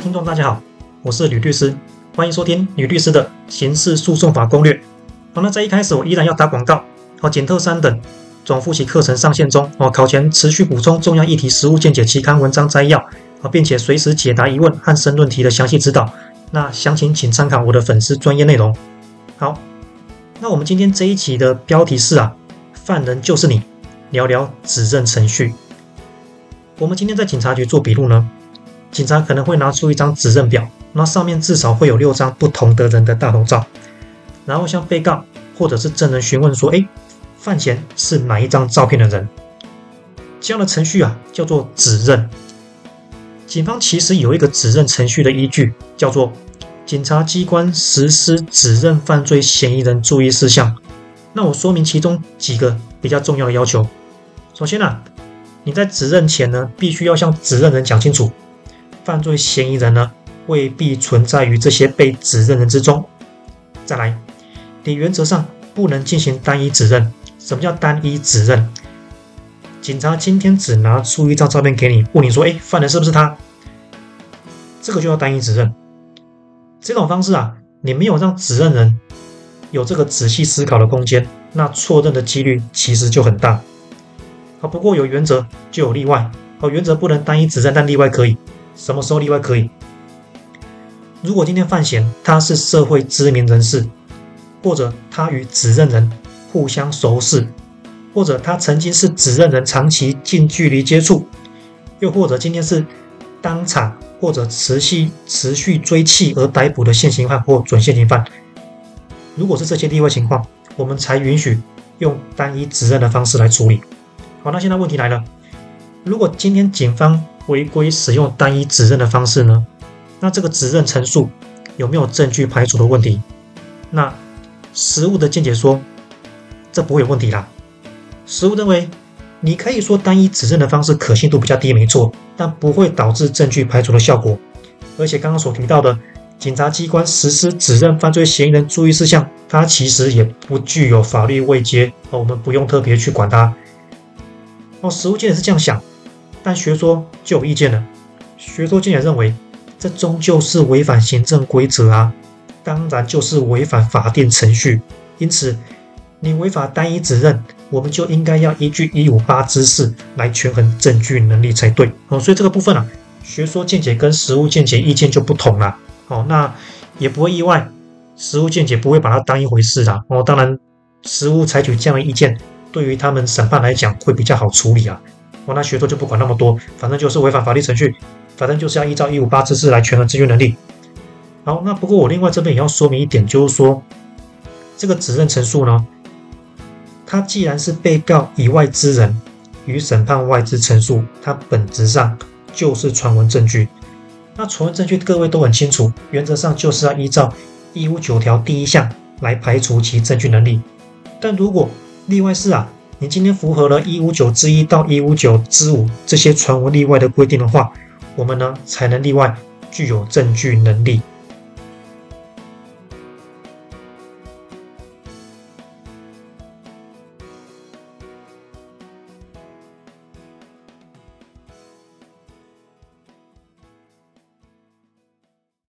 聽眾大家好，我是呂律師，歡迎收聽呂律師的刑事訴訟法攻略。好，那在一開始我依然要打廣告，哦，檢特三等總複習課程上線中，哦，考前持續補充重要議題、實務見解、期刊文章摘要，啊，並且隨時解答疑問和申論題的詳細指導。那詳情請參考我的粉絲專頁內容。好，那我們今天這一期的標題是啊，犯人就是你，聊聊指認程序。我們今天在警察局做筆錄呢。警察可能會拿出一張指認表，那上面至少會有六張不同的人的大頭照，然後向被告或者是證人詢問說：“哎、欸，犯嫌是哪一張照片的人？”這樣的程序啊叫做指認。警方其實有一個指認程序的依據，叫做《檢察機關實施指認犯罪嫌疑人注意事項》。那我說明其中幾個比較重要的要求。首先呢、啊，你在指認前呢，必須要向指認人講清楚。犯罪嫌疑人呢未必存在於這些被指認人之中。再來，你原則上不能進行單一指認。什麼叫單一指認？警察今天只拿出一張照片給你，問你說：“哎，犯人是不是他？”這個就叫單一指認。這種方式啊，你沒有讓指認人有這個仔細思考的空間，那錯認的幾率其實就很大。啊，不過有原則就有例外。啊，原則不能單一指認，但例外可以。什麼時候例外可以？如果今天犯嫌他是社會知名人士，或者他與指認人互相熟識，或者他曾經是指認人長期近距離接觸，又或者今天是當場或者持續持續追緝而逮捕的現行犯或準現行犯，如果是這些例外情況，我們才允許用單一指認的方式來處理。好，那現在問題來了，如果今天警方違規使用單一指認的方式呢？那這個指認陳述有沒有證據排除的問題？那實務的見解說，這不會有問題啦。實務認為，你可以說單一指認的方式可信度比較低，沒錯，但不會導致證據排除的效果。而且剛剛所提到的，警察機關實施指認犯罪嫌疑人注意事項，它其實也不具有法律位階，我們不用特別去管它。哦，實務界也是這樣想。但學說就有意見了，學說見解認為，這終究是違反行政規則啊，當然就是違反法定程序，因此你違法單一指認，我們就應該要依據一五八之四來權衡證據能力才對哦。所以這個部分啊，學說見解跟實務見解意見就不同啦哦。那也不會意外，實務見解不會把它當一回事啊。哦，當然實務採取這樣的意見，對於他們審判來講會比較好處理啊。那學說就不管那麼多，反正就是違反法律程序，反正就是要依照一五八之四來權衡證據能力。好，那不過我另外這邊也要說明一點，就是說這個指認陳述呢，它既然是被告以外之人於審判外之陳述，它本質上就是傳聞證據。那傳聞證據各位都很清楚，原則上就是要依照一五九條第一項來排除其證據能力。但如果例外是啊。你今天符合了一五九之一到一五九之五這些傳聞例外的規定的話，我們呢才能例外具有證據能力。